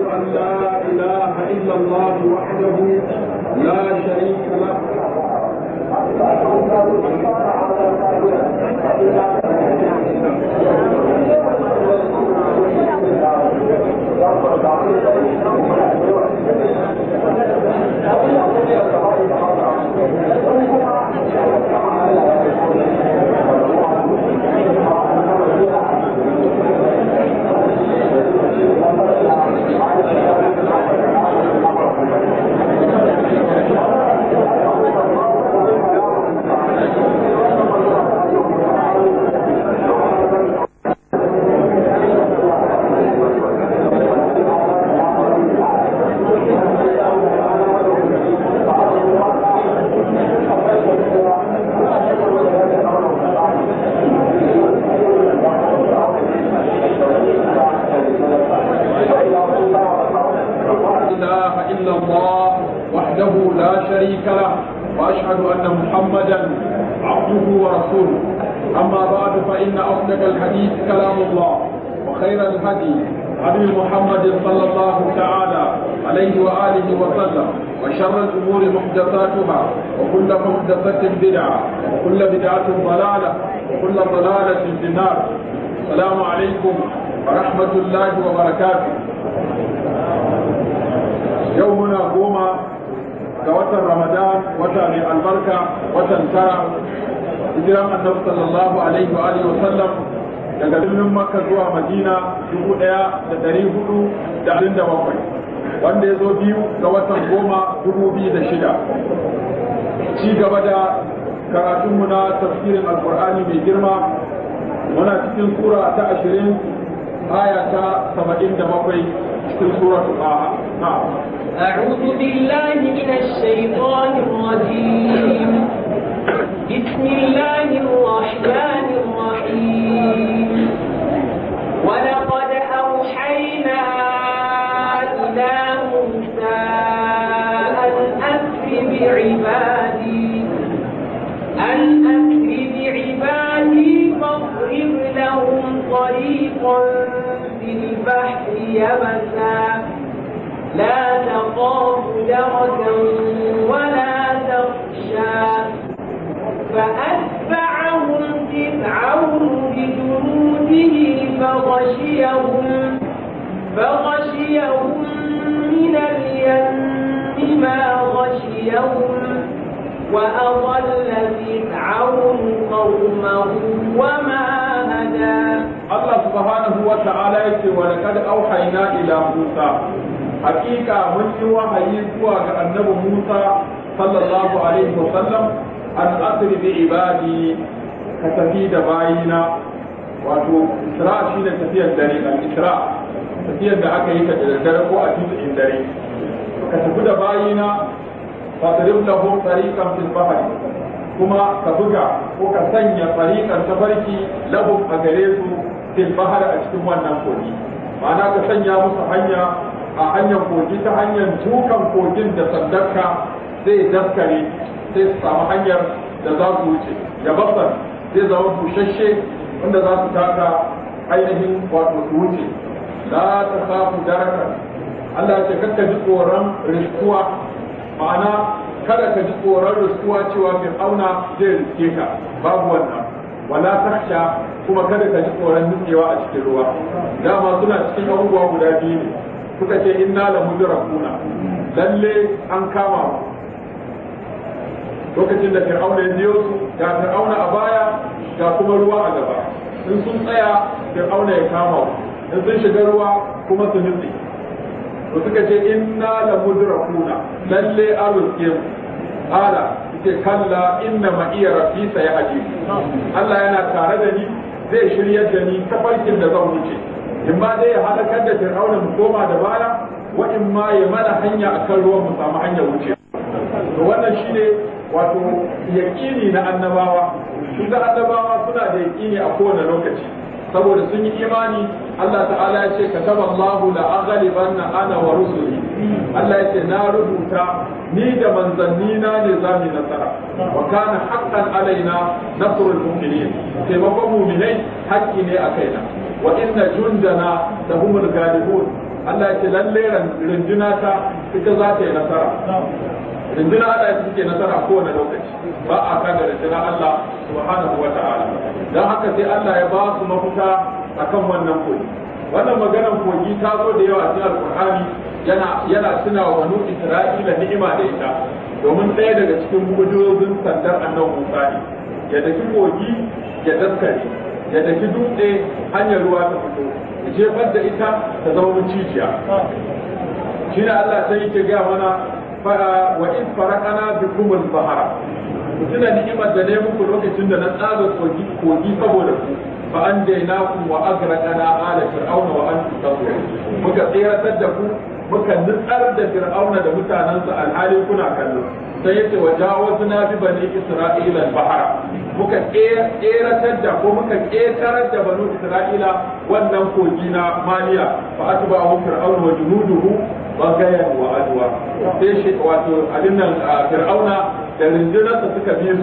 واشهد ان لا اله الا الله وحده لا شريك له Thank you. بدعتها وكل محدثة بدعة وكل بدعة ضلالة وكل ضلالة في النار السلام عليكم ورحمة الله وبركاته يومنا قوما كوتا رمضان وتا البركة وتا ترى إجرام annabi صلى الله عليه وآله وسلم daga birnin makka zuwa madina dubu daya da dari hudu da da bakwai wanda ya zo biyu ga watan goma dubu biyu da shida cigaba gaba da karatunmu na tafsirin alkur'ani mai girma muna cikin sura ta ashirin aya ta saba'in da bakwai cikin sura ta أعوذ بالله من الشيطان الرجيم بسم الله الرحمن الرحيم يبسا لا تخاف دركا ولا تخشى فأتبعهم فرعون بجنوده فغشيهم فغشيهم من اليم ما غشيهم وأضل فرعون قومه وما Allah subhanahu wa ta'ala yake wa laqad auhayna ila Musa hakika mun yi wahayi zuwa ga annabi Musa sallallahu alaihi wa sallam an asri bi ibadi ka tafi da bayina wato isra shine tafiyar dare al isra tafiyar da aka yi ta da dare ko a cikin dare ka tafi da bayina fa tadribu tariqan fil bahri kuma ka buga ko ka sanya tariqan tabarki lahum a gare su fil bahar a cikin wannan kogi ma'ana ka sanya musu hanya a hanyar kogi ta hanyar dukan kogin da sandarka zai daskare sai su samu hanyar da za su wuce gabasan zai zama bushashe wanda za su taka ainihin wato su wuce la ta safu daraka Allah ya kakka ji tsoron riskuwa ma'ana kada ka ji tsoron riskuwa cewa fir'auna zai riske ka babu wannan wala taksha kuma kada ka ji tsoron nutsewa a cikin ruwa dama suna cikin abubuwa guda biyu ne suka ce inna la mudrakuna lalle an kama lokacin da fir'auna ya biyo su ga fir'auna a baya ga kuma ruwa a gaba in sun tsaya fir'auna ya kama in sun shiga ruwa kuma su nutse to suka ce inna la mudrakuna lalle an ruske mu ala ce kalla inna ma iya rafi ya aje Allah yana tare da ni zai shiryar da ni farkin da zan wuce in ma dai ya halakar da fir'auna mu koma da baya wa in ma ya mana hanya akan ruwan mu samu hanyar wuce to wannan shine wato yakini na annabawa su da annabawa suna da yaƙini a kowane lokaci saboda sun yi imani Allah ta'ala ya ce kataba Allahu la aghlibanna ana wa rusuli Allah ya ce na rubuta ni da manzanni na ne za mu nasara wa kana haqqan alaina nasrul mu'minin taimakon mu'minai haƙƙi ne a kaina wa inna jundana da humul galibun Allah ya ce lalle runduna ta ita za ta yi nasara Rinjina Allah ya ce nasara kowane lokaci ba a kada runduna Allah subhanahu wa ta'ala dan haka sai Allah ya ba su mafita akan wannan koyi wannan maganar kogi ta zo da yawa cikin alkur'ani yana yana tuna wa nu Isra'ila ni'ima da ita domin ɗaya daga cikin mujojin sandar annabi Musa ne ya daki kogi ya daskare ya daki dutse hanyar ruwa ta fito ya jefar da ita ta zama cijiya. shi ne Allah sai yake gaya mana fara wa in farakana bikumul bahara tuna ni'imar da ne muku lokacin da na tsaga kogi kogi saboda ku fa an daina ku wa agraqana ala fir'auna wa antum muka tsiratar da ku muka nutsar da fir'auna da mutanensa alhali kuna kallo sai yace wa jawazu na bi bani isra'ila bahara muka keratar da ko muka ketarar da banu isra'ila wannan kogi na maliya fa atba hu fir'auna wa junuduhu gayan wa adwa sai shi wato abin nan fir'auna da rindinarsa suka bi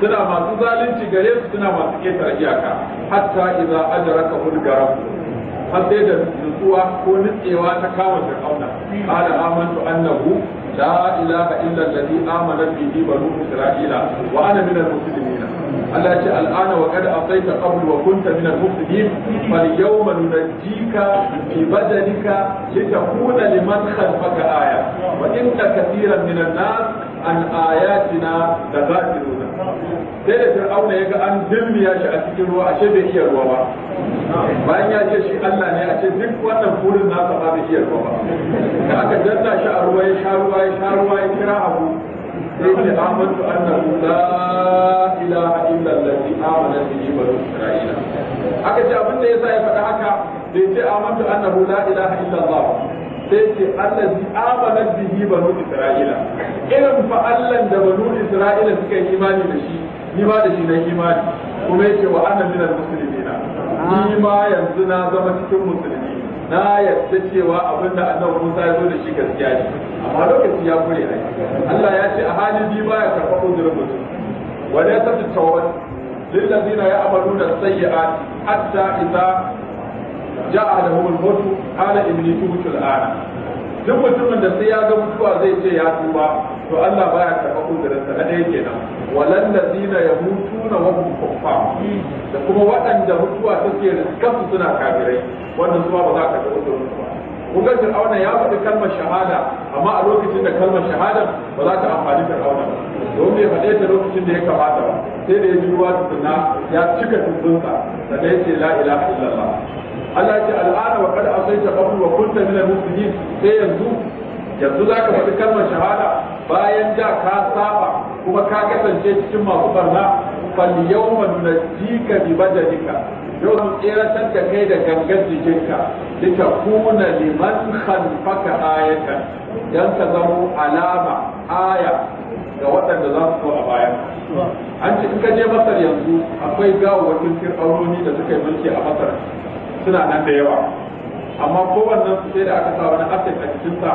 suna masu zalunci gare su suna masu ketare iyaka hatta idza adraka hulgaram har sai da nutsuwa ko nutsewa ta kama fir'auna qala amantu annahu la ilaha illa alladhi amana bihi banu isra'ila wa ana min al-muslimin Allah ce al'ana wa qad ataita qabl wa kunta min al-mufsidin fal yawma nunajjika bi badanika litakuna liman khalfaka aya wa inna katiran min an-nas an ayatina la sai da fir'auna ya ga an dilmiya shi a cikin ruwa ashe bai iya ruwa ba bayan ya ce shi Allah ne ashe duk wannan furin na ba bai iya ruwa ba da aka danna shi a ruwa ya sha ruwa ya sha ruwa ya kira abu sai ce amantu annahu la ilaha illa allazi amana bihi banu isra'ila aka ce abin da yasa ya faɗa haka bai ce amantu annahu la ilaha illa allah sai ce Allah zai amana bihi banu isra'ila irin fa Allah da banu isra'ila suka yi imani da shi ni ba da shi na imani kuma yace wa ana min almuslimina ni ma yanzu na zama cikin musulmi na yadda cewa abin da annabi Musa ya zo da shi gaskiya ne amma lokaci ya kure ai Allah ya ce a hali bi baya karɓa uzurin mutum wa la lil ladina ya'maluna sayyi'ati hatta idza ja'a da hul mutu ala ibni tubtul duk mutumin da sai ya ga mutuwa zai ce ya tuba to Allah baya karɓa da na ɗaya kenan walan ladina yamutuna wa hum kuffar da kuma waɗanda mutuwa take kansu suna kafirai wanda su ba za ka ga kudurin ba kun ga Fir'auna ya faɗi kalmar shahada amma a lokacin da kalmar shahada ba za ta amfani Fir'auna ba don bai faɗe ta lokacin da ya kamata ba sai da ya ji ruwa tukuna ya cika tutunsa da ya ce la ilaha illallah Allah ya ce al'ana wa kada asaita qabl wa kunta mina muslimin sai yanzu yanzu za ka faɗi kalmar shahada bayan da ka saba kuma ka kasance cikin masu barna na ji ka bi jika, yau mun tseratar da kai da gangan jikinka kuna liman khalfaka ayata dan ka zamo alama aya ga waɗanda za su zo a baya. an ce in ka je masar yanzu akwai gawo gawawakin fir'aunoni da suka yi mulki a masar suna nan da yawa amma kowannen su sai da aka sa wani asir a jikinsa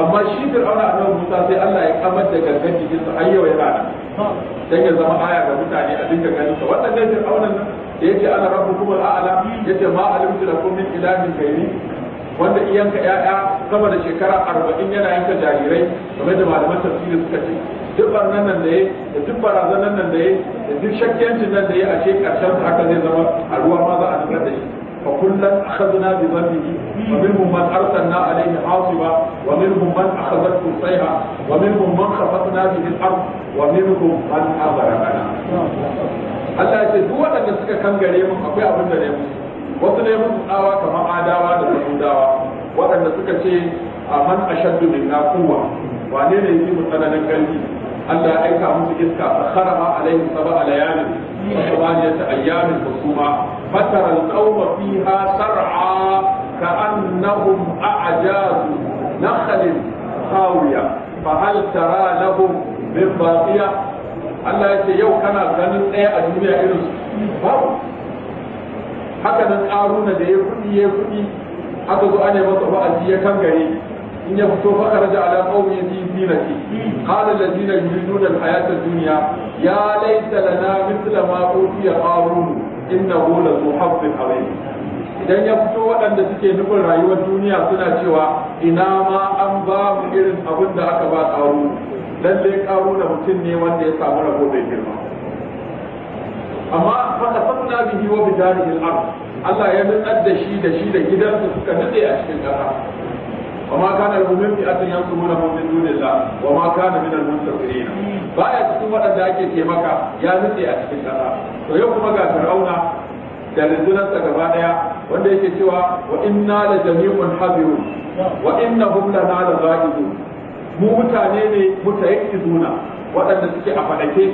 amma shi fir'auna nan Musa sai Allah ya kamar da gangan jikinsa har yau yana nan dan ya zama aya ga mutane a dinga ganin sa wannan dai auna da yace ana kuma al'ala yace ma alimtu lakum min ilahin wanda iyanka yaya sama da shekara arba'in yana yanka jarirai game da malaman tafsiri suka ce duk barnan nan da ya da duk barazanan nan da ya da duk shakkiyancin nan da ya a ce karshen haka zai zama a ruwa ma za a nuna da shi فكلا أخذنا بذنبه ومنهم من أرسلنا عليه حاصبا ومنهم من أخذته الصيحة ومنهم من خطفنا به الأرض ومنهم من أغرقنا Allah ya ce duk waɗanda suka kangare mun akwai abinda da ne musu wasu ne musu tsawa kamar adawa da yahudawa waɗanda suka ce a man ashaddu min quwwa wane ne yake mu tsananin ƙarfi Allah ya aika musu iska fa kharaha alaihim sab'a layalin فترى القوم فيها سرعى كأنهم أعجاز نخل خاوية فهل ترى لهم من باقية Allah ya ce yau kana ganin ɗaya a duniya irin su babu haka nan ƙaruna da ya kuɗi ya kuɗi aka zo ana masa wa'azi ya kan gare in ya fito fa raja ala qawmi fi zinati qala alladhina yuriduna al-hayata ad-dunya ya laita lana mithla ma utiya qarun hu la zuhabbin alayhi idan ya fito waɗanda suke nufin rayuwar duniya suna cewa ina ma an ba mu irin abin da aka ba ƙaru lalle ƙaru na mutum ne wanda ya samu rabo mai girma amma fata fanna bihi wa bidarihi al-ard Allah ya nutsar da shi da shi da gidansa suka nutse a cikin ƙasa وما كان له من فئة ينصرونه من دون الله وما كان من المنتصرين baya cikin waɗanda ake ce maka ya nutse a cikin ƙasa to yau kuma ga fir'auna da rundunarsa gaba ɗaya wanda yake cewa wa inna la jami'un hadirun wa innahum lana la za'idun mu mutane ne mutayakkizuna waɗanda suke a faɗake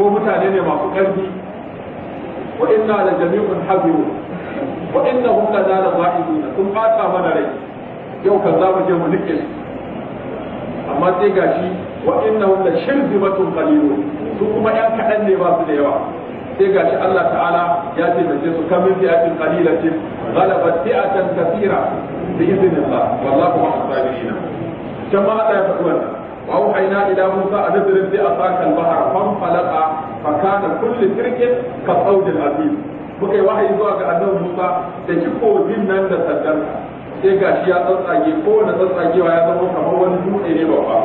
ko mutane ne masu ƙarfi wa inna la jami'un hadirun wa innahum lana la za'idun sun fata mana rai yau kan za mu je mu nike amma sai gashi wa innahum la shirzimatun qalilun su kuma yan kaɗan ne ba su da yawa sai gashi Allah ta'ala ya ce da su kamin fi'atin qalilatin ghalabat fi'atan kathira bi idhnillah wallahu ma'as-sabirin jama'a da faɗi wannan وأوحينا إلى موسى أن اضرب بعصاك البحر فانفلق فكان كل فرق كالصوت العظيم muka yi wahayi zuwa ga annabi Musa da shi kogin nan da sandan. sai ga shi ya tsatsage kowane tsatsagewa ya zama kamar wani dutse ne babba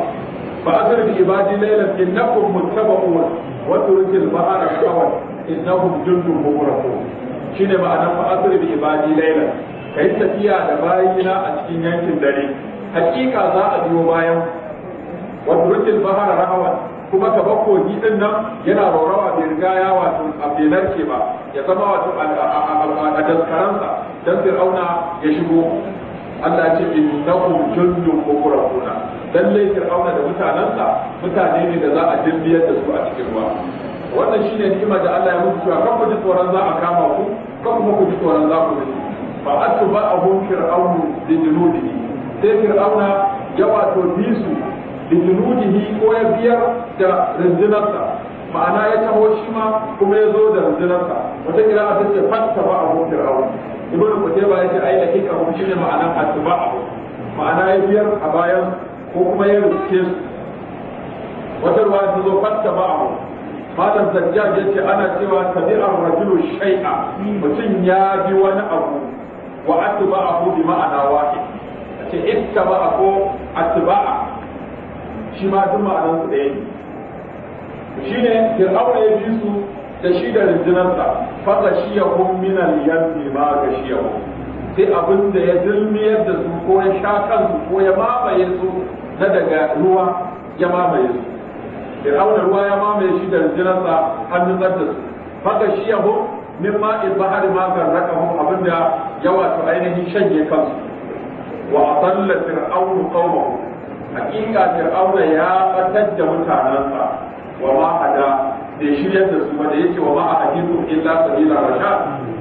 fa azar bi ibadi laylan innakum muttaba'un wa turkil bahara qawan innahum jundun mughraqun shine ma'anar fa azar bi ibadi laylan kai tafiya da bayina a cikin yankin dare hakika za a biyo bayan wa turkil bahara rahawan kuma ka bakko ni din nan yana raurawa bai riga ya wato a benarke ba ya zama wato a daskaransa dan fir'auna ya shigo Allah ce na innahum kuna Don laifin fir'auna da mutanansa mutane ne da za a jirbiyar da su a cikin ruwa wannan shine hikima da Allah ya muku cewa kan ku tsoron za a kama ku kan kuma ku tsoron za ku ba fa hun fir'aunu bi junudihi sai fir'auna ya wato bisu bi junudihi ko ya biyar da rinjinarsa ma'ana ya taho shi ma kuma ya zo da rinjinarsa wata kira a ba fatta hun fir'aunu ibn qutayba yace ai da kika hum shine ma'anar atba ma'ana ya biyar a bayan ko kuma ya rike su wata ruwa ta zo fatta ba'u Fatan zajjaj ce ana cewa tabi'ar rajulu shay'a mutum ya bi wani abu wa abu bi ma'ana wahid ce a ko atba'a shi ma duk ma'anar su ɗaya ne shine aure ya bi su da shi da rundunarsa faɗa shi ya hun minal yammi ma ga shi ya sai abin da ya dilmiyar da su ko ya sha kansu ko ya mamaye su na daga ruwa ya mamaye su fir'auna ruwa ya mamaye shi da rundunarsa an nutsar da su faɗa shi ya hun min ma'in bahari ma garraka hun abin da ya wato ainihin shanye kansu wa atalla fir'aunu qaumahu hakika fir'auna ya ɓatar da mutanansa wa ma hada bai shiryar da su ba da yake wa ma'a hadisu illa sabila rasha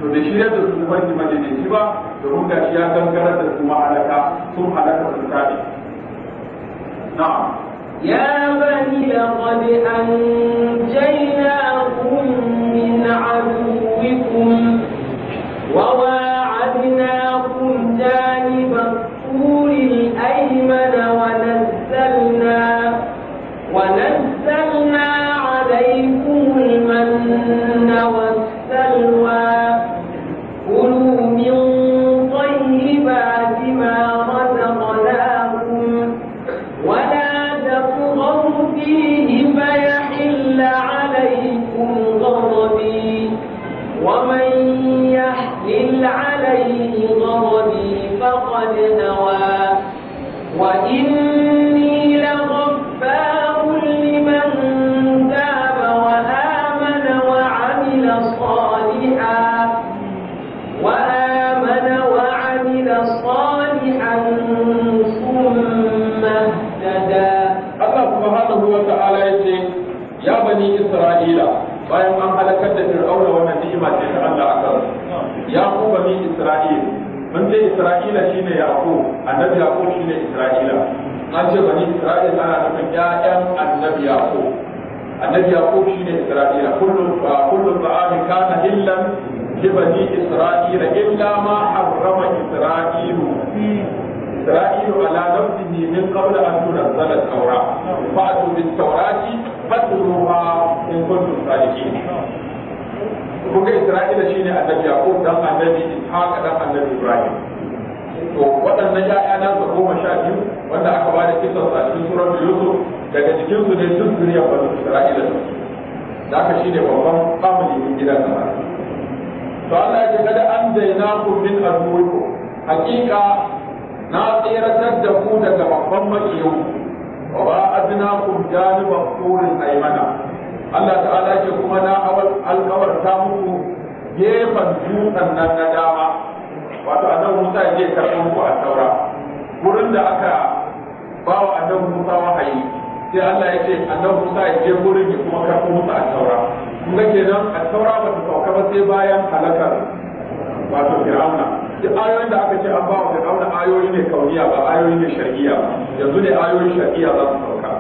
to bai shiryar da su farki madaidaici ba domin gashi ya gangarar da su ma'alaka sun halaka sun tabi na'am يا بني لقد أنجيناكم من عدوكم وواجهكم su ne duk duniya ba su ila da da aka ne babban family din gidan gaba to Allah ya ce kada an daina ku min azuwiku hakika na tseratar da ku daga babban makiyu wa ba adna ku janiba turin aymana Allah ta'ala ce kuma na awal alkawarta muku gefen dutsen nan na dama wato annabi Musa ya je karɓar ku a taura Wurin da aka bawa annabi Musa wahayi sai Allah ya ce annabi Musa ya je gurin ya kuma karɓo Musa a taura kun ga kenan a taura ba ta sauka ba sai bayan halakar wato Fir'auna duk ayoyin da aka ce an ba wa Fir'auna ayoyi ne kauniya ba ayoyi ne shar'iyya ba yanzu ne ayoyin shar'iyya za su sauka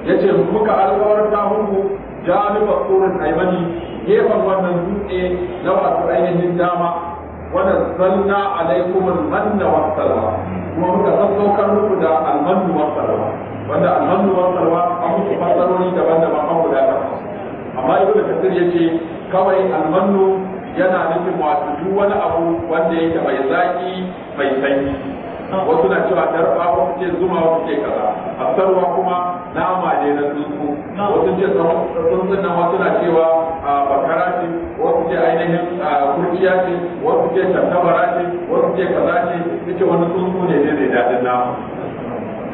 Ya ce muka alƙawarin ta hunku jami'a tsoron aimani gefen wannan dutse na wasu ainihin dama wanda zanna alaikum almanna wa salama kuma muka sassaukar muku da almannu wa salama wanda alhamdu wa sarwa, an mutu fasarori daban-daban an guda ta amma ibnu kasir ce kawai almannu yana nufin wato duk wani abu wanda ke mai zaki mai sanyi wasu na cewa darba wasu ce zuma wasu ce kaza asarwa kuma nama ne na tsuntsu wasu ce tsuntsun nan wasu na cewa bakara ce wasu ce ainihin kurciya ce wasu ce tantabara ce wasu ce kaza ce ita wani tsuntsu ne ne mai daɗin nama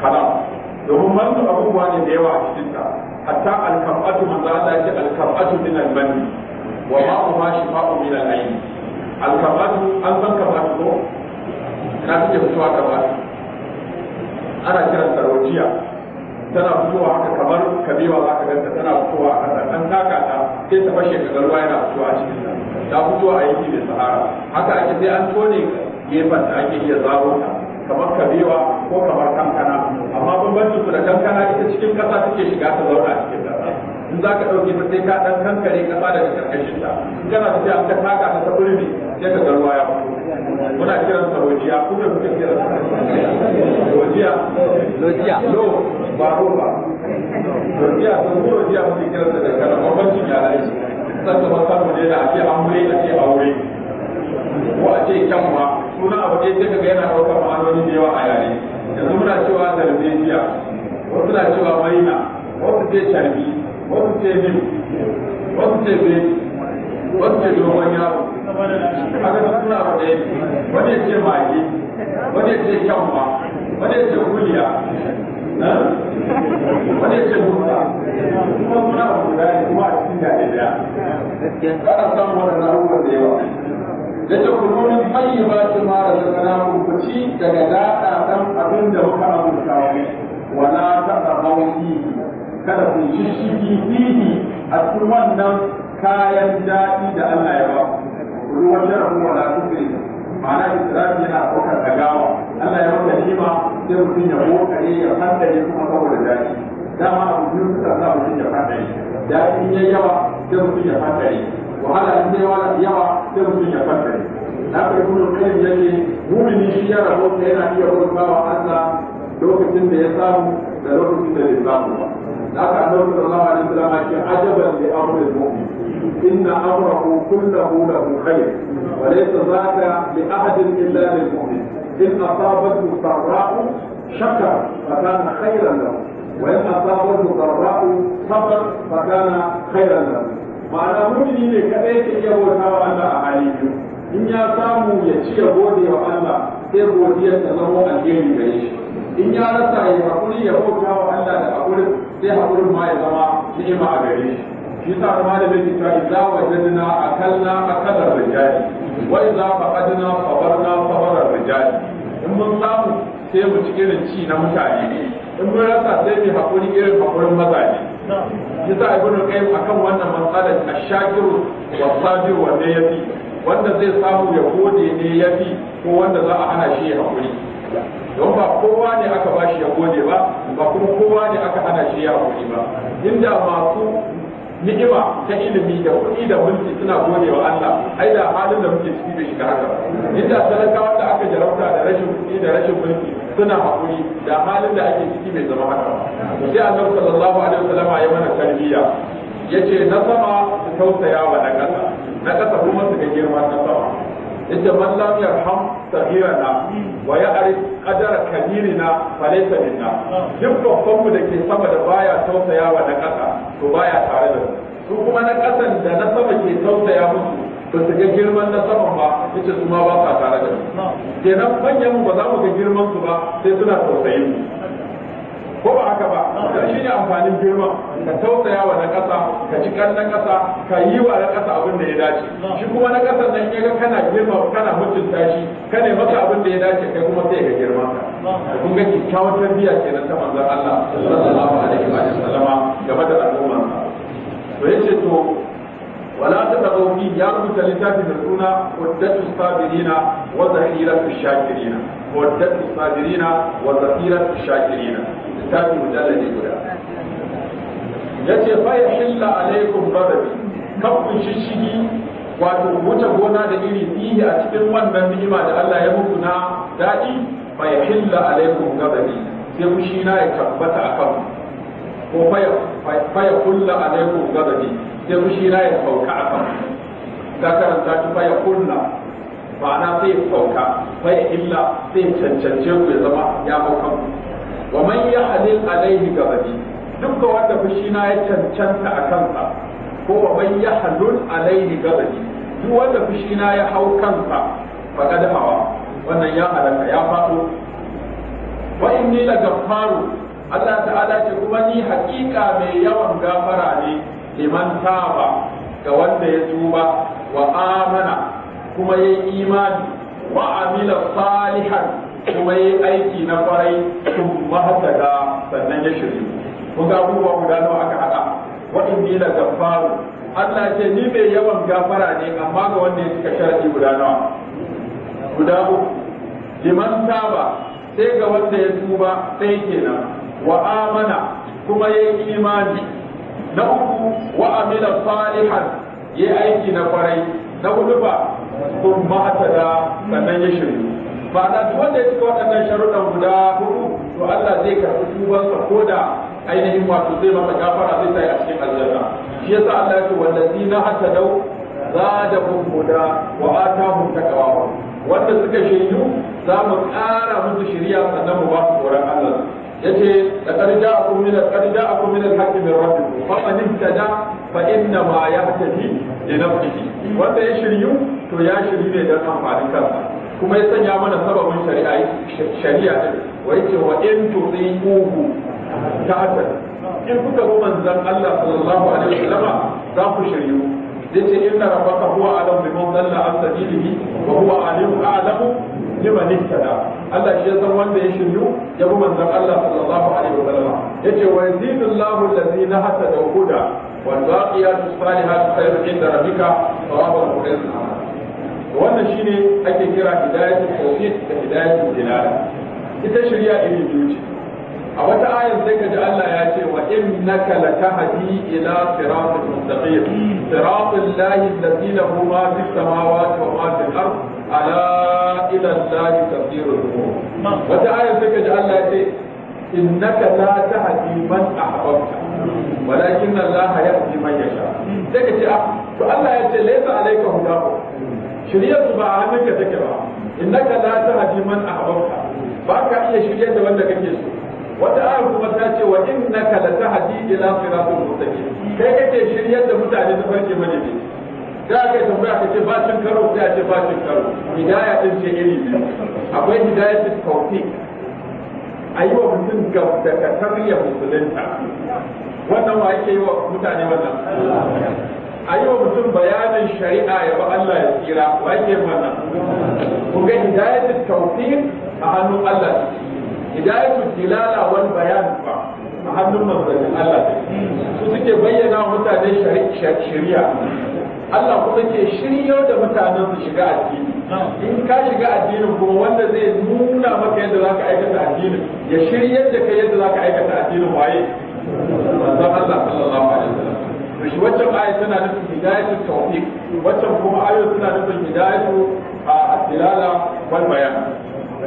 kalam domin manzo abubuwa ne da yawa a cikin ta hatta al-kafatu manzo Allah ya ce al-kafatu min al-banni wa ma'uha shifa'u min al-ayn al-kafatu an san kafatu ko na take fitowa kafatu ana kiran ta tana fitowa haka kamar kabewa za ka ganta tana fitowa a ƙasa an taka ta sai ta fashe ka garwa yana fitowa a cikin ta ta fitowa a yanki da sahara haka ake sai an tone gefen da ake iya zaro ta kamar kabewa ko kamar kankana amma bambancin su da kankana ita cikin kasa take shiga ta zauna a cikin kasa in za ka ɗauke ba sai ka ɗan kankare kasa daga karkashin ta in kana tafiya an ka taka ta saboda ne sai ka zarwa ya fito muna kiran sa rojiya ku da kuke kiran sa rojiya rojiya lo ba ro ba rojiya to ku rojiya kuke kiran sa da kana bambancin yara rai sai ka fasa mu da ake amure da ke aure ko a ce ma. suna abu ɗaya sai ka ga yana ɗaukar ma'anoni da yawa a yare yanzu muna cewa zarbejiya wasu na cewa maina wasu ce sharbi wasu ce min wasu ce be wasu ce dogon yaro haka da suna faɗe wani ce mage wani ce kyanwa wani ce kuliya eh? wani ce burka kuma muna guda ne kuma a cikin gari daya ba a samu waɗannan abubuwan da yawa da ta kuma ba tayyiba ma razaqnakum ku ci daga dada dan abin da muka abuta wa wala taqaw fihi kada ku yi shiki fihi a cikin wannan kayan daɗi da Allah ya ba ku ruwan sharafu wala tukri ma'ana israfi yana ɗaukar dagawa Allah ya ni ma sai mutum ya kokare ya fandare kuma saboda daɗi dama abu biyu suka sa mutum ya fandare daɗi ya yawa sai mutum ya fandare wahala in yawa sai mutum ya fasa ne na kai kuma kai yake mumini shi ya rahoto yana iya bautawa Allah lokacin da ya samu da lokacin da bai samu ba da aka annabi sallallahu alaihi wasallam ya ce ajaban li amril mu'min inna amrahu kullahu lahu khair wa laysa zaka li ahadin illa lil mu'min in asabathu sarra'u shakara fakana khairan lahu wa in asabathu sarra'u sabar fakana khairan lahu ma'ana mutumi ne kadai ke iya bautawa Allah a hali biyu in ya samu ya ci ya gode wa Allah sai godiyar ta zama alheri gare shi in ya rasa ya hakuri ya bauta wa Allah da hakuri sai hakurin ma ya zama ni'ima a gare shi shi sa kuma da bai cewa idza wajadna akalna akala rijali wa idza faqadna sabarna sabara rijali in mun samu sai mu ci irin ci na mutane in mun rasa sai mu hakuri irin hakurin mazaje yasa ibn qayyim akan wannan matsalar ash-shakiru wa sabir wanda yafi wanda zai samu ya gode ne yafi ko wanda za a hana shi ya hakuri don ba kowa ne aka ba shi ya gode ba ba kuma kowa ne aka hana shi ya hakuri ba inda masu ni'ima ta ilimi da kuɗi da mulki suna gode wa Allah ai da halin da muke ciki bai shiga haka inda talakawa da aka jarabta da rashin kuɗi da rashin mulki suna haƙuri da halin da ake ciki bai zama haka to sai annabi sallallahu alaihi wasallam ya mana tarbiyya yace na sama su tausaya wa na ƙasa na ƙasa kuma su ga girman na sama yace man lam yarham sahirana wa ya'rif qadara kabirina falaysa minna duk babban mu da ke sama da baya tausaya wa na ƙasa to baya tare da su kuma na ƙasan da na sama ke tausaya musu ba su ga girman na sama ba yace su ma ba sa tare da mu kenan manyan ba za mu ga girman su ba sai suna tausayin mu ko ba haka ba dan ne amfanin girma ka tausaya wa na ƙasa ka ci kan na ƙasa ka yi wa na ƙasa abin da ya dace shi kuma na ƙasa nan ya ga kana girma kana mutunta shi ka ne masa abin da ya dace kai kuma sai ka girma ka kun ga kyakkyawar tarbiyya kenan ta manzon Allah sallallahu alaihi wa sallama game da al'umma to yace to wala ta tabauki ya rubuta littafi da suna uddatu sabirina wa zahiratu shakirina uddatu sabirina wa zahiratu shakirina littafi mujalladi guda yace fa yahilla wato wuce gona da iri fihi a cikin wannan ni'ima da Allah ya muku na daɗi fa yahilla alaikum ghadabi sai fushi na ya tabbata akan ko fa ya kulla alaikum ghadabi sai fushi na ya sauka a kan ka karanta shi fa ya kunna na sai ya sauka fa ya illa sai ya cancance ku ya zama ya hauka wa man ya halil alaihi gabaji dukkan wanda fushi na ya cancanta a kansa ko wa man ya halul alaihi gabaji duk wanda fushi na ya hau kansa fa kada hawa wannan ya halaka ya faɗo wa inni la gaffaru Allah ta'ala ce kuma ni haƙiƙa mai yawan gafara ne liman taba ga wanda ya tuba wa amana kuma ya yi imani wa amila salihan kuma ya yi aiki na farai sun mahasada sannan ya shirya kun ga abubuwa guda nawa aka haɗa waɗanda da gafaru Allah ce ni mai yawan gafara ne amma ga wanda ya cika sharadi guda nawa guda uku liman taba sai ga wanda ya tuba sai kenan wa amana kuma ya yi imani na uku wa amila salihan yayi aiki na kwarai na hudu ba sun da sannan ya shiryu ba da wanda ya cika waɗannan sharuɗan guda hudu to Allah zai karɓi tubansa ko da ainihin wato zai masa gafara zai sai a cikin aljanna shi yasa Allah ya ce wallazina hatadau zadahum huda wa atahum taqwa wanda suka shiryu za mu ƙara musu shirya sannan mu ba su tsoron Allah yace laqad ja'akum min laqad ja'akum min al-haqqi min rabbikum fa man ihtada fa inna ma yahtadi li nafsihi wanda ya shiryu to ya shiryu ne dan amfanin kansa kuma ya sanya mana sababin shari'a shari'a ta wa yace wa in tuqihu ta'ata in kuka bi manzon Allah sallallahu alaihi wasallam za ku shiryu yace inna rabbaka huwa alam bi man dalla an sabilihi wa huwa alim a'lamu liman ihtada Allah shi ya san wanda ya shiryu ya bi manzon Allah sallallahu alaihi wa sallam yace wa yazidu Allahu allazina hasada huda wal baqiyatu salihatu khayrun inda rabbika thawaban wa rizqan wannan shine ake kira hidayatul tawfiq da hidayatul dilala ita shirya irin biyu a wata ayar sai ka ji Allah ya ce wa innaka latahdi ila siratal mustaqim siratal lahi allazi lahu ma fis samawati wa ma fil ardh ala ila Allahi tafsirul umur wata aya sai ka ji Allah ce innaka la tahdi man ahbabta walakin Allah yahdi man yasha sai ka ce ah, to Allah ya ce laysa alayka hudahu shiriyatu ba a hannunka take ba innaka la tahdi man ahbabta ba ka iya shirye da wanda kake so wata aya kuma ta ce wa kai kake shiryar da mutane ta farke madaidaici da aka yi tambaya ka ce bacin karo sai a ce bacin karo hidaya din ce iri biyu akwai hidaya ta tawfiq a yi wa mutum ga da katarya musulunta wannan wa ake yi wa mutane wannan a yi wa mutum bayanin shari'a ya ba Allah ya tsira wa ake wannan ku ga hidaya ta tawfiq a hannun Allah hidaya ta tilala wani bayan ba a hannun manzannin Allah su suke bayyana mutane shari'a Allah kuma ke shiryar da mutanen su shiga addini in ka shiga addinin kuma wanda zai nuna maka yadda zaka aikata addinin ya shiryar da kai yadda zaka aikata addinin waye manzon Allah sallallahu alaihi wasallam to shi waccan aya tana nufin hidayatul tawfiq waccan kuma ayo tana nufin hidayatu at-tilala wal bayan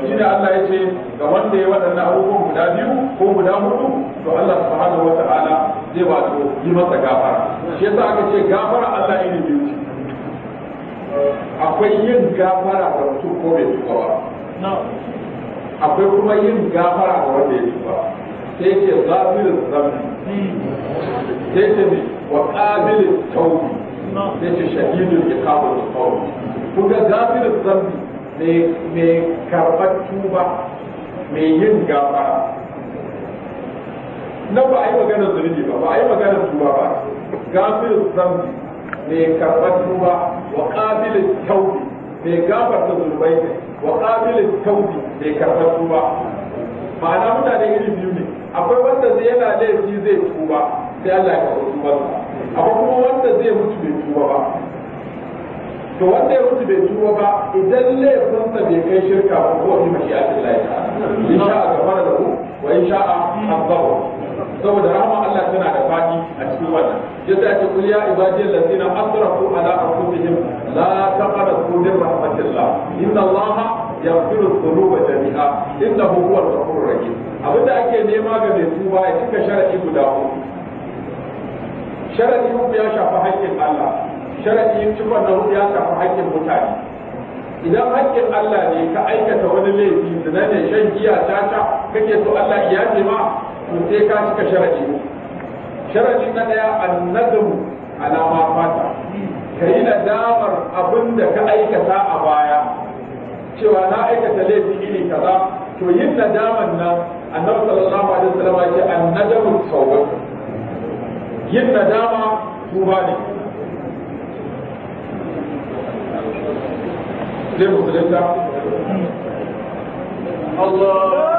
shi da Allah ya ce ga wanda ya waɗannan abubuwan guda biyu ko guda hudu to Allah subhanahu wa ta'ala zai wato yi masa gafara shi yasa aka ce gafara Allah ne biyu ce akwai yin gafara ga mutum ko bai tuba ba akwai kuma yin gafara ga wanda ya tuba sai ce zafirin zambi sai ce ne wa qabil tawbi sai ce shahidin ikabun taubi kuga zafirin zambi mai karɓar tuba mai yin gafara nan ba a yi magana zunubi ba ba a yi magana tuba ba gafirin zambi mai karɓar tuba wa ƙabilin taubi mai da zunubai ne wa ƙabilin taubi mai karɓar tuba ma'ana mutane iri biyu ne akwai wanda zai yana laifi zai tuba sai Allah ya karɓar tuba akwai kuma wanda zai mutu bai tuba ba to wanda ya mutu bai tuba ba idan laifinsa bai kai shirka ko wani mashi a cikin lafiya in sha'a fara da ku wa in sha'a saboda rahama Allah tana da fadi a cikin wannan yadda ake kul ya ibadiyal ladina asrafu ala anfusihim la da taqnatu min rahmatillah inna Allah yaghfiru dhunuba jami'a innahu huwal ghafurur rahim abinda ake nema ga mai tuba ya cika sharadi guda uku sharadi uku ya shafi haƙƙin Allah sharadi cikon na ya shafi haƙƙin mutane idan haƙƙin Allah ne ka aikata wani laifi da ne shan giya ta kake so Allah ya ce ma to sai ka cika sharadi sharadi na ɗaya annadamu alama fata ka yi nadamar abin da ka aikata a baya cewa na aikata laifi iri kaza to yin nadaman nan annabi sallallahu alaihi wasallam ya ce annadamu tawbah yin nadama tuba ne zai musulunta Allah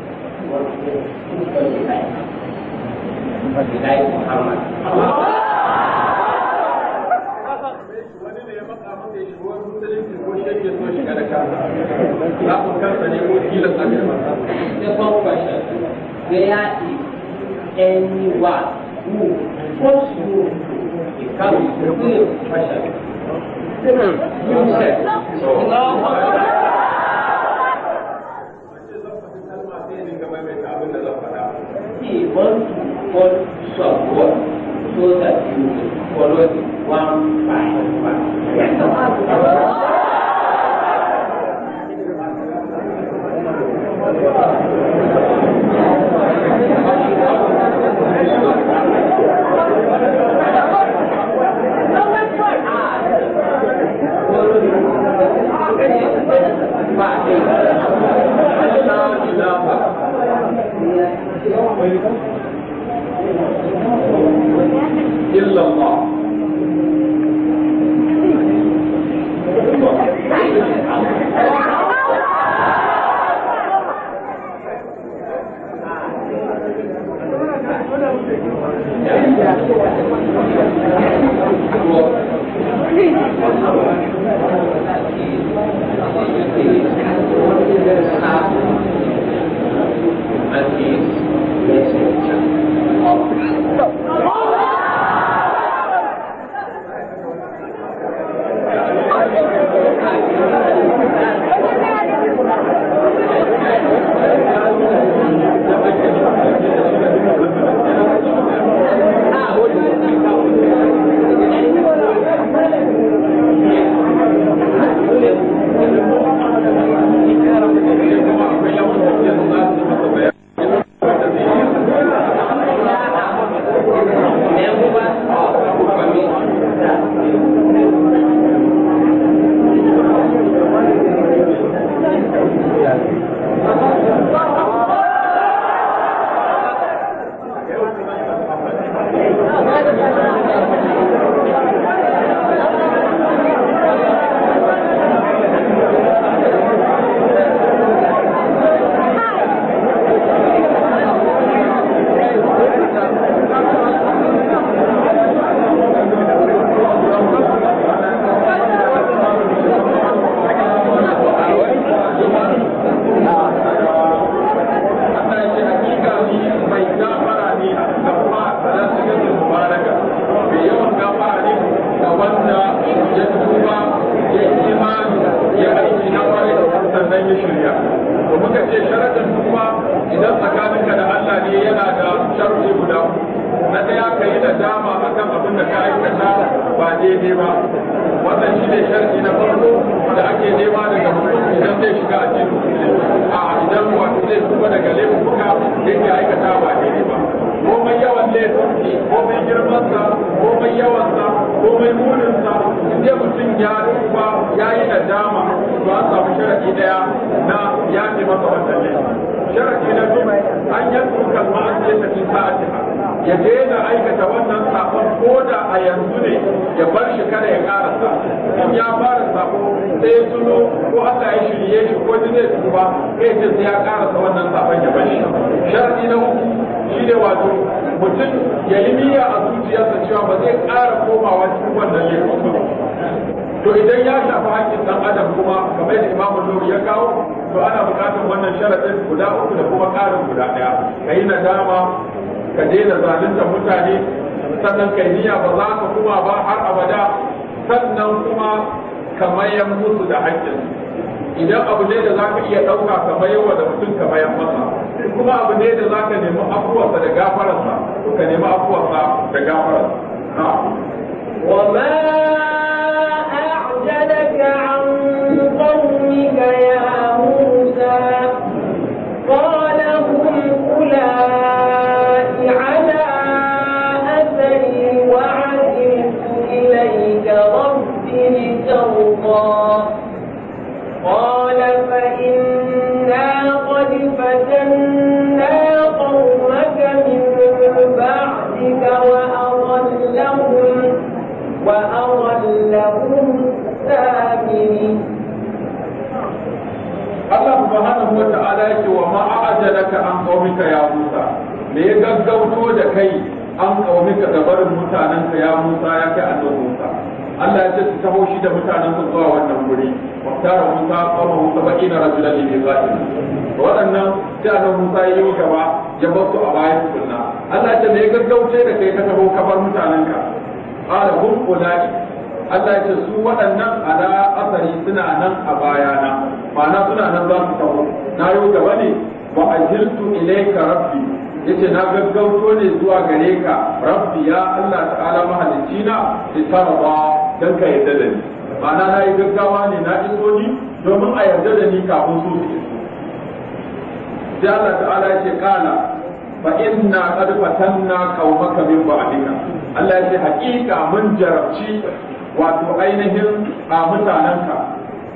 Where is anyone who wants to become a person? You want to follow so that you will follow one by one. Yes. إلا الله sai mutum ya tuba ya yi dama ba a samu sharadi daya na ya ce masa wannan ne sharadi na biyu an yi ce ma'asiyata fi sa'atiha ya daina aikata wannan sabon ko da a yanzu ne ya bar shi kada ya karasa in ya fara sabo sai ya tuno ko aka yi shirye shi ko ji zai tuba kai ce sai ya karasa wannan sabon ya bar shi sharadi na uku shine wato mutum ya yi miya a ba zai ƙara komawa cikin wannan laifin ba to idan ya shafi hakkin ɗan adam kuma kamar da imamu nuri ya kawo to ana buƙatar wannan sharaɗin guda uku da kuma ƙarin guda ɗaya ka yi nadama ka daina zalunta mutane sannan kai niyya ba za ka kuma ba har abada sannan kuma ka mayan musu da hakkin idan abu ne da ka iya ɗauka ka mayarwa da mutum ka mayan masa kuma abu ne da ka nemi afuwarsa da gafararsa ka nemi afuwarsa da gafararsa وما daga barin ka ya Musa ya kai annabi Musa Allah ya ce su taho shi da mutanensa zuwa wannan guri wa tara Musa qawma Musa baqina rajulan li miqatina waɗannan sai annabi Musa ya yi gaba ya bar su a bayan sunna Allah ya ce me gaggauce da kai ka taho ka bar mutanenka qala hum ulai Allah ya ce su waɗannan ala asari suna nan a bayana ma'ana suna nan za su taho na yi gaba ne wa ajiltu ilayka rabbi yace na gaggauto ne zuwa gare ka rabbi ya Allah ta'ala mahalicci na ki tarba dan ka yarda da ni ma'ana na yi gaggawa ne na iso ni domin a yarda da ni kafin so su iso sai Allah ta'ala ce kana fa inna qad fatanna qaumaka min ba'dika Allah Ya ce haƙiƙa mun jarabci wato ainihin a mutanenka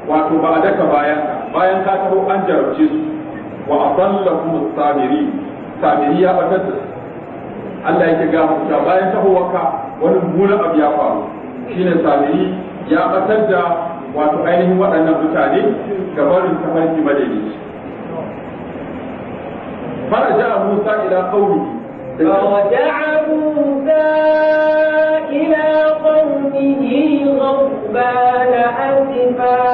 wato ba a daka bayanka bayan ka taho an jarabce su wa adallahu musabiri samiri ya batar da Allah yake ga mutum bayan waka wani mummunan abu ya faru shine samiri ya batar da wato ainihin waɗannan mutane ga barin tafarki madaidaici فرجع موسى إلى قومه فرجع موسى إلى قومه غضبان أسفا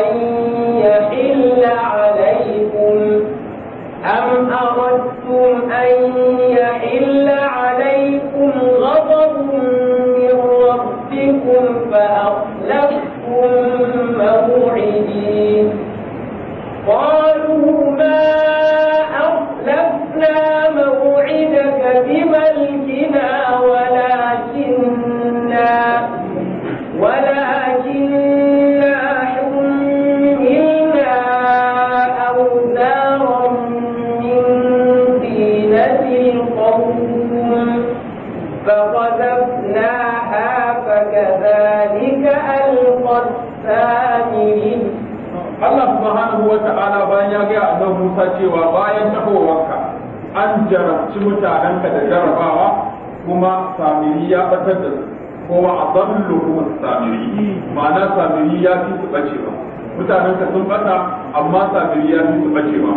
وإن Allah subhanahu wa ta'ala bayan ya gaya أنه Musa cewa bayan tahowarka an jarabci mutanenka da jarabawa kuma samiri ya batar da su kowa a zallu kuma samiri ma'ana samiri ya fi su bacewa mutanenka sun bata amma samiri ya fi su bacewa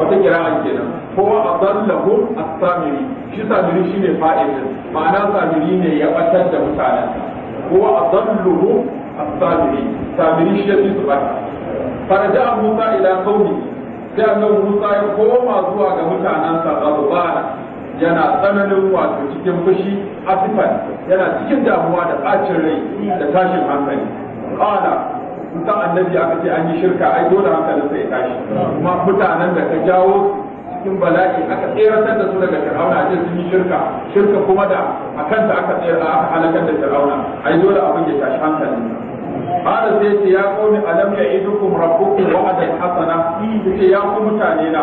wata kira'a kenan kowa a zallahu a samiri shi samiri shi ne fa'idin ma'ana samiri ne ya batar da mutanenka kowa a zalluhu as-sabiri sabiri shi فرجع موسى bata قومه Musa ila qaumi sai annabi Musa ya koma yana tsananin wato cikin fushi asifan yana cikin damuwa da bacin rai da tashin hankali qala Musa annabi aka ce an yi shirka ai dole hankalinsa sai tashi kuma mutanen da ka jawo cikin bala'i aka tseratar da su daga fir'auna a ce sun yi shirka shirka kuma da a kanta aka tsera aka halakar da fir'auna ai dole abin ya tashi hankali qala sai ce ya qawmi alam ya'idukum rabbukum wa'adan hasana sai ya ku mutane na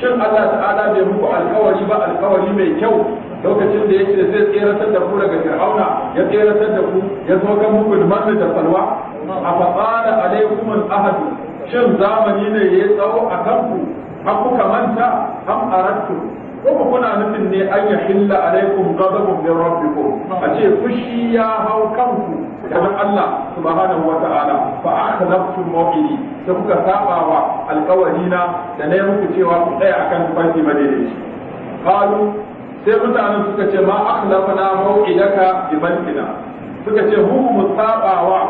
shin Allah ta'ala bai muku alkawari ba alkawari mai kyau lokacin da ce zai tseratar da ku daga fir'auna ya tseratar da ku ya zo ga muku da da falwa a faqala alaykum al-ahad shin zamani ne yi tsawo a kanku har kuka manta a aradtu kuma kuna nufin ne an ya hilla alaikum gazabun min rabbikum a ce fushi ya hau kanku daga Allah subhanahu wa ta'ala fa akhlaftum mawqidi da kuka saba wa alƙawari na da na muku cewa ku tsaya akan farki madaidaici qalu sai mutanen suka ce ma akhlafna mawqidaka bi balkina suka ce mu mu saba wa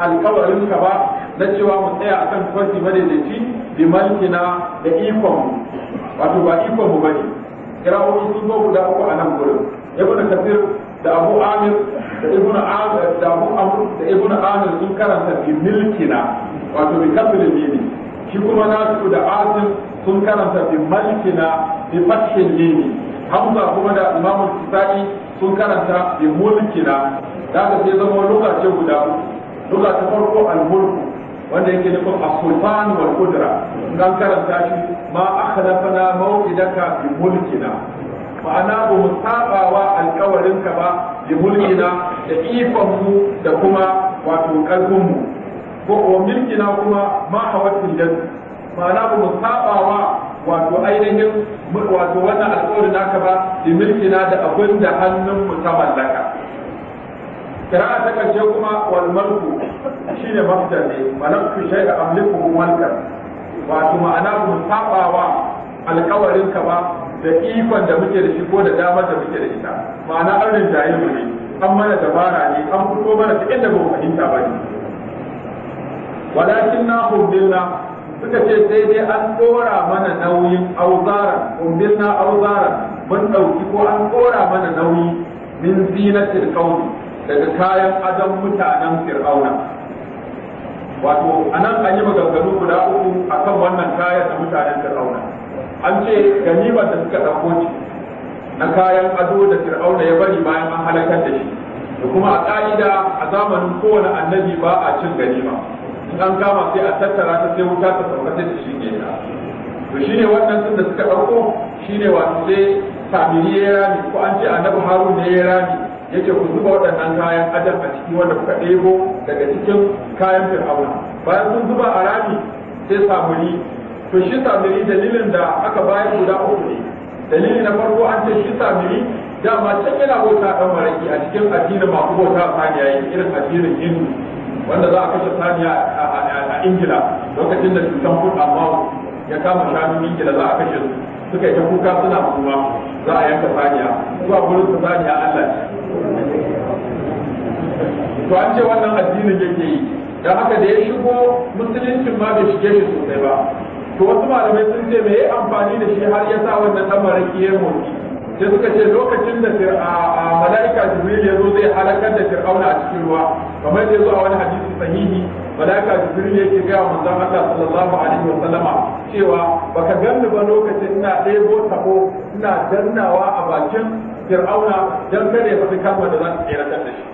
alƙawarin ka ba na cewa mu tsaya akan farki madaidaici bi malkina da ikon wato ba ikon mu bane kirawoyi sun zo guda uku a nan gurin ibn kasir da abu amir da ibn amir da abu amr da ibn amir sun karanta bi milkina wato bi kasir mini shi kuma nasu da asim sun karanta bi malkina bi fathin mini hamza kuma da imamu kisai sun karanta bi mulkina da ka sai zama lokaci guda luka ta farko al-mulku wanda yake nufin as-sultan wal qudra kan karanta shi ma akhlafna maw'idaka bi mulkina ma'ana ba mu sabawa ka ba bi mulkina da ikon mu da kuma wato karfin mu ko wa mulkina kuma ma hawatin da ma'ana ba mu sabawa wato ainihin wato wannan alkawarin naka ba bi mulkina da abin da hannun mu ta mallaka kira ta karshe kuma wal mulku shine mafdal ne malaktu shay'a amliku mulkan wato ma'ana mu saba alƙawarin ka ba da ikon da muke da shi ko da damar da muke da ita ma'ana an rinjaye mu ne an mana dabara ne an fito mana ta inda ba mu fahimta ba ne walakin na suka ce sai dai an dora mana nauyin auzara humbirna auzara mun ɗauki ko an dora mana nauyi min zinatil kauni daga kayan adon mutanen fir'auna wato anan an yi maganganu guda uku akan wannan kayan da mutanen fir'auna an ce ganimar da suka ɗauko ce na kayan ado da fir'auna ya bari bayan an halakar da shi da kuma a ƙa'ida a zamanin kowane annabi ba a cin ganima in an kama sai a tattara ta sai wuta ta sauka ta shi ke ta to shine wannan sun da suka ɗauko shine wato sai samiri ya rami ko an ce annabi harun ne ya rami yace ku zuba waɗannan kayan adam a ciki wanda kuka ɗebo daga cikin kayan fir'auna bayan sun zuba a rami sai samuri to shi samuri dalilin da aka bayar guda uku ne dalili na farko an ce shi samuri dama can yana bauta ɗan maraki a cikin addinin masu bauta saniya yin irin addinin hindu wanda za a kashe saniya a ingila lokacin da cutan food amma ya kama shanun ingila za a kashe su suka yi ta kuka suna kuma za a yanka saniya zuwa gurin su saniya Allah to an ce wannan addinin yake yi dan haka da ya shigo musuluncin ma bai shige shi sosai ba to wasu malamai sun ce me amfani da shi har ya sa wannan dan maraki ya sai suka ce lokacin da mala'ika jibril ya zo zai halakar da fir'auna a cikin ruwa kamar da ya zo a wani hadisi sahihi mala'ika jibril ce ga manzon Allah sallallahu alaihi wa sallama cewa baka ganni ba lokacin ina ɗebo tabo ina dannawa a bakin fir'auna dan kare ya faɗi da za ta tsere da shi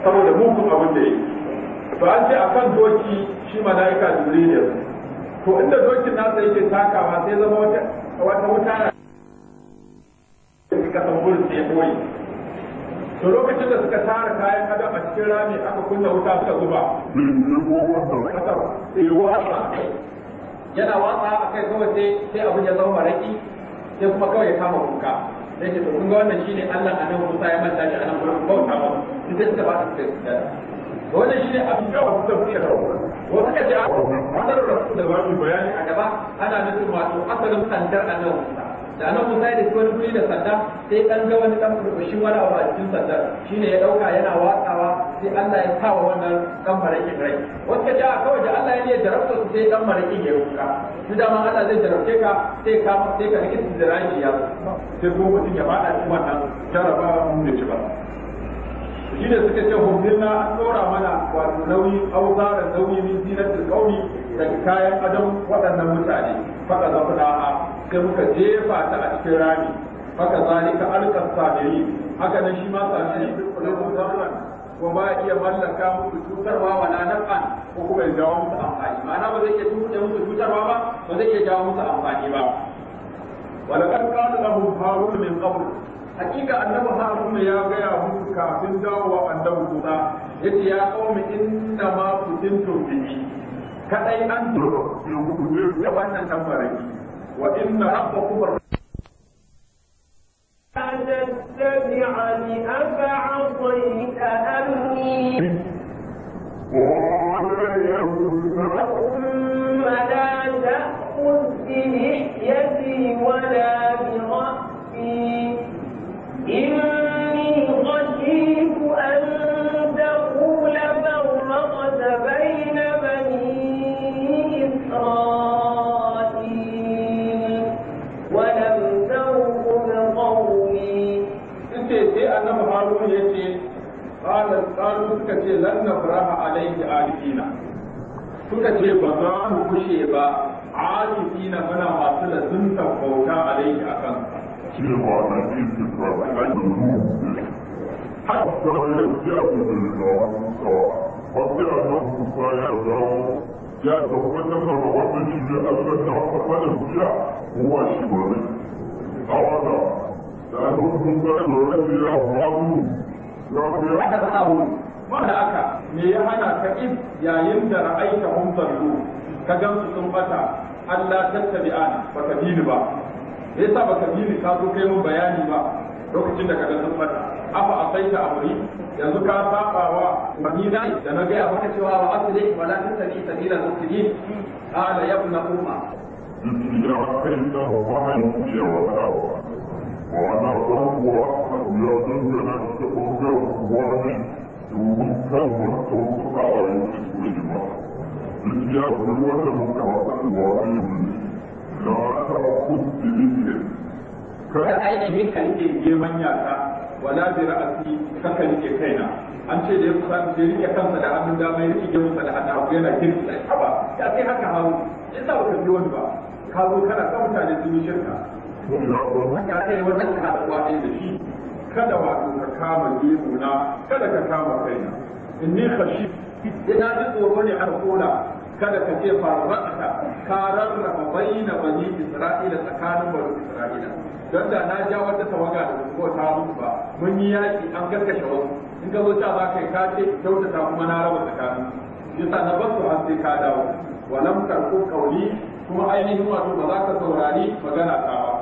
saboda kuma abin da yake to an ce akan doki shi mala'ika jibril ya to inda dokin nasa yake takawa sai zama wata wata suka san gurin da ya koyi to lokacin da suka tara kayan adam a cikin rami aka kunna wuta suka zuba yana watsa a kai kawai sai sai abin ya zama maraki sai kuma kawai ya kama kuka sai ce to kun ga wannan shine Allah a nan Musa ya manta shi a nan gurin bauta ba duk da suka ba su da wannan shine abin da wasu da kuke kawo wasu ka ce a wannan da bayani a gaba ana nufin wato asalin sandar a nan Musa da nan musa da wani kuri da sanda sai dan ga wani dan kurbushi wani abu a cikin sanda shine ya dauka yana watsawa sai Allah ya sa wa wannan dan marakin rai wanda ja kawai da Allah ya ne jarabta su sai dan marakin ya ruka duk da ma Allah zai jarabce ka sai ka sai ka rike da rajiya sai ko mutum ya fada cikin wannan jarabawa mun da ci ba shi ne suka ce hukumna an tsora mana wato nauyi au zara nauyi min zinatul qaumi daga kayan adam waɗannan mutane faka zafna a sai muka jefa ta a cikin rami faka zalika alqas sabiri haka nan shi ma sabiri ko ba iya mallaka musu cutarwa wala naf'an ko kuma ya jawo musu amfani ma'ana ba zai iya tuɗe musu cutarwa ba ba zai iya jawo musu amfani ba ولقد قال لهم هارون min قبل hakika annabi harun ya gaya muku kafin dawowa annabi kuma yace ya qaumi inna ma kuntum bihi kadai an duro da wannan tambarin wa inna rabbakum تتبعني أفعصيت ثم لا تأخذ بلحيتي ولا lan nabraha alaihi alifina suka ce ba za mu kushe ba alifina muna masu da sun tabbauta alaihi akan حتى يأتيكم الله وقد أنه سيعلم يتوجه ربه لأن ربه يرجع هو الشبر أولا لأنه الذي يهرب يرجع da aka me ya hana ka if yayin da ra'aita hum dallu ka gansu sun bata Allah tattabi'ani baka bi ba me yasa baka bi ni ka zo kai mun bayani ba lokacin da ka kaga sun bata afa asaita amri yanzu ka saba wa manina da na ga maka cewa wa asli wala tattabi sabila al-mufsidin qala ya umma وأنا الرب وأحد يا ذنب أن تقول Ka ainihin kan ke girman yaka wala bi ra'asi kakan ke kaina an ce da ya kusa da rike kansa da hannun dama ya rike kansa da hannun yana girka haba ya sai haka hawo ya sa ka wani ba ka zo kana sa mutane sun yi shirka. ya yi wannan kaɗuwa ɗaya da shi kada wato kama gefuna kada ka kama kaina inni khashi ina ji tsoro ne har kola kada ka ce farrata ka rarraba bayyana bani isra'ila tsakanin bani isra'ila don da na ja wata tawaga da ko ta mutu ba mun yi yaki an karkashe wasu in ka zo ta ba kai ka ce kyautata kuma na raba tsakanin yasa na basu har sai ka dawo lam tarku kauli kuma ainihin wato ba za ka saurari magana ta ba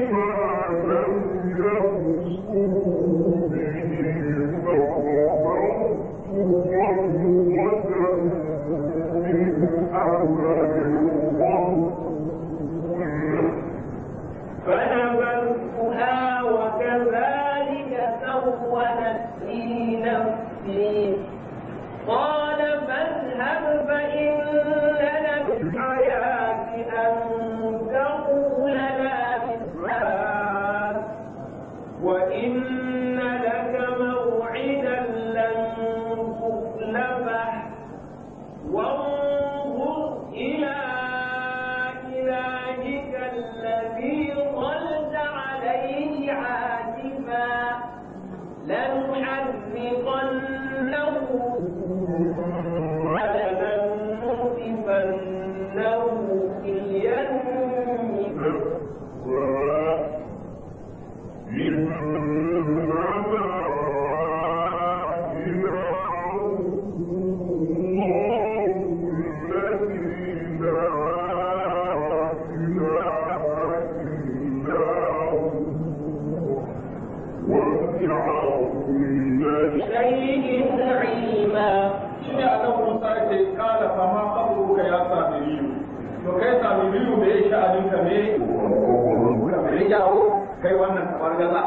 gaza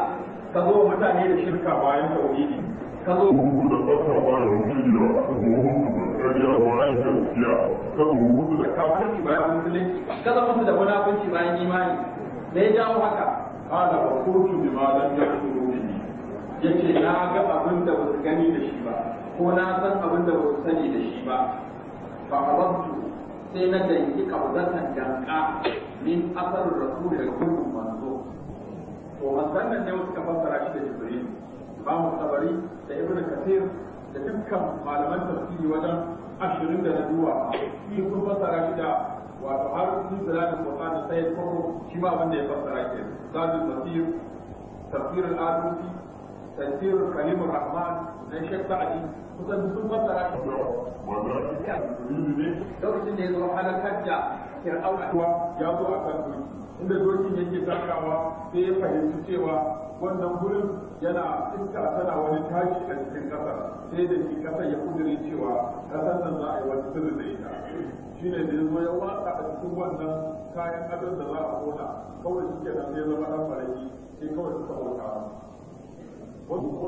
ka zo mutane da shirka bayan tauhidi ka zo ka zama su da munafunci bayan imani da ya jawo haka kada ba kuntu bi ma lam yakuru bihi yace na ga abin da ba su gani da shi ba ko na san abin da ba su sani da shi ba fa qabantu sai na danki kabzatan danka min asarin rasul da kullu man to manzon nan ne wasu ka fassara shi da jibril imamu tabari da ibnu kathir da dukkan malaman tafsiri wajen ashirin da na duwa shi sun fassara shi da wato har sun zira da Qur'ani sai ya koro shi ma na shek sa'adi kusan sun fassara shi da ya zo halakar da fir'auna ya zo a kan inda dokin yake takawa sai ya fahimci cewa wannan gurin yana iska tana wani tashi a cikin ƙasa sai da shi ƙasa ya kudure cewa ƙasar nan za a yi wani sirri da ita shi ne da ya a cikin wannan kayan ƙasar da za a kona kawai shi nan sai zama ɗan faraki sai kawai suka bauta wasu